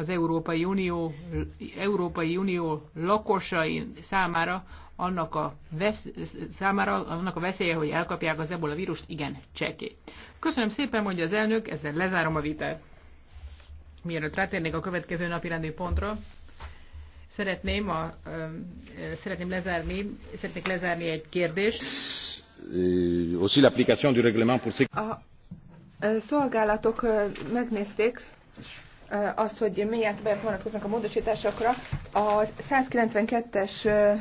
az Európai Unió, Európai Unió lakosai számára annak a, vesz, számára annak a veszélye, hogy elkapják az ebola vírust, igen, csekély. Köszönöm szépen, mondja az elnök, ezzel lezárom a vitát. Mielőtt rátérnék a következő napi rendi pontra, szeretném, a, ö, szeretném lezárni, szeretnék lezárni egy kérdést. Euh, aussi l'application du règlement pour... A szolgálatok megnézték, Eh, az, hogy milyen szabályok vonatkoznak a módosításokra. A 192-es eh,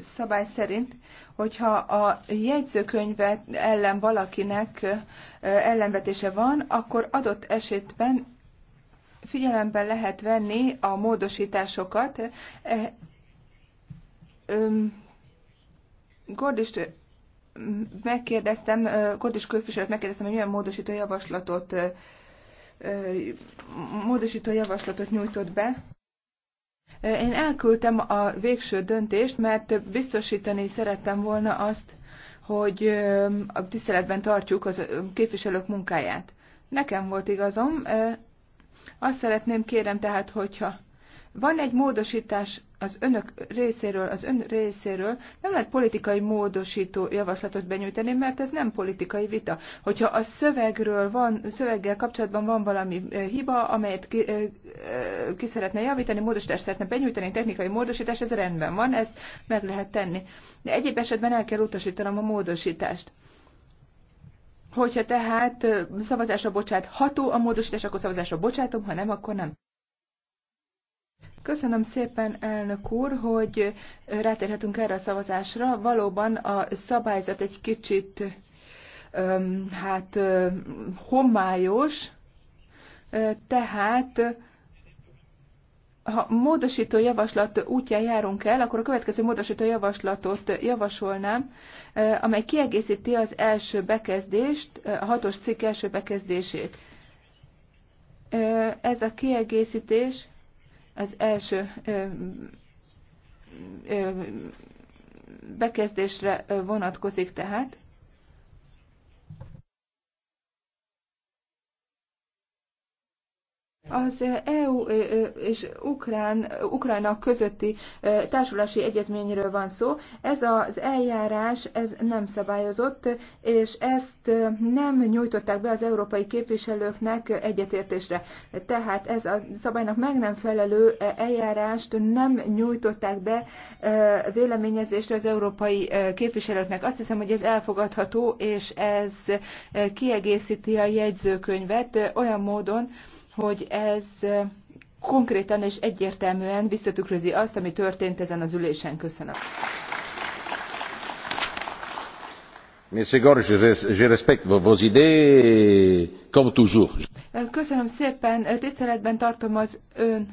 szabály szerint, hogyha a jegyzőkönyvet ellen valakinek eh, ellenvetése van, akkor adott esetben figyelembe lehet venni a módosításokat. Gordist megkérdeztem, Gordis képviselőt megkérdeztem, hogy milyen módosító javaslatot módosító javaslatot nyújtott be. Én elküldtem a végső döntést, mert biztosítani szerettem volna azt, hogy a tiszteletben tartjuk az képviselők munkáját. Nekem volt igazom. Azt szeretném, kérem tehát, hogyha van egy módosítás az önök részéről, az ön részéről nem lehet politikai módosító javaslatot benyújtani, mert ez nem politikai vita. Hogyha a szövegről van, szöveggel kapcsolatban van valami eh, hiba, amelyet ki, eh, eh, ki szeretne javítani, módosítást szeretne benyújtani, technikai módosítás, ez rendben van, ezt meg lehet tenni. De egyéb esetben el kell utasítanom a módosítást. Hogyha tehát szavazásra bocsátható a módosítás, akkor szavazásra bocsátom, ha nem, akkor nem. Köszönöm szépen, elnök úr, hogy rátérhetünk erre a szavazásra. Valóban a szabályzat egy kicsit hát homályos, tehát ha módosító javaslat útján járunk el, akkor a következő módosító javaslatot javasolnám, amely kiegészíti az első bekezdést, a hatos cikk első bekezdését. Ez a kiegészítés az első bekezdésre vonatkozik tehát. Az EU és Ukrán, Ukrajna közötti társulási egyezményről van szó. Ez az eljárás ez nem szabályozott, és ezt nem nyújtották be az európai képviselőknek egyetértésre. Tehát ez a szabálynak meg nem felelő eljárást nem nyújtották be véleményezésre az európai képviselőknek. Azt hiszem, hogy ez elfogadható, és ez kiegészíti a jegyzőkönyvet olyan módon, hogy ez konkrétan és egyértelműen visszatükrözi azt, ami történt ezen az ülésen. Köszönöm. Köszönöm szépen, tiszteletben tartom az ön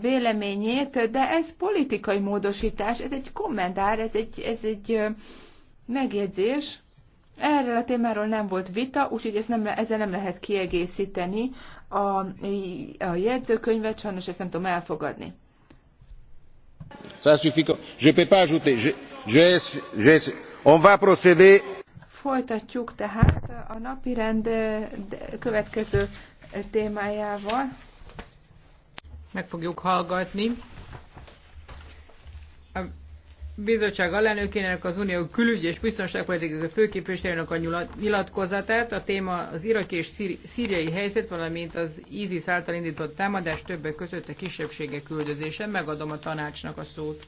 véleményét, de ez politikai módosítás, ez egy kommentár, ez egy, ez egy megjegyzés. Erről a témáról nem volt vita, úgyhogy ez nem, ezzel nem lehet kiegészíteni a, a jegyzőkönyvet, sajnos ezt nem tudom elfogadni. Je peux pas ajouter. Je, je, on va procéder. Folytatjuk tehát a napi rend eh, következő eh, témájával. Meg fogjuk hallgatni bizottság alelnökének, az Unió külügy és biztonságpolitikai főképviselőnek a nyilatkozatát. A téma az iraki és szíriai helyzet, valamint az ISIS által indított támadás többek között a kisebbségek küldözése. Megadom a tanácsnak a szót.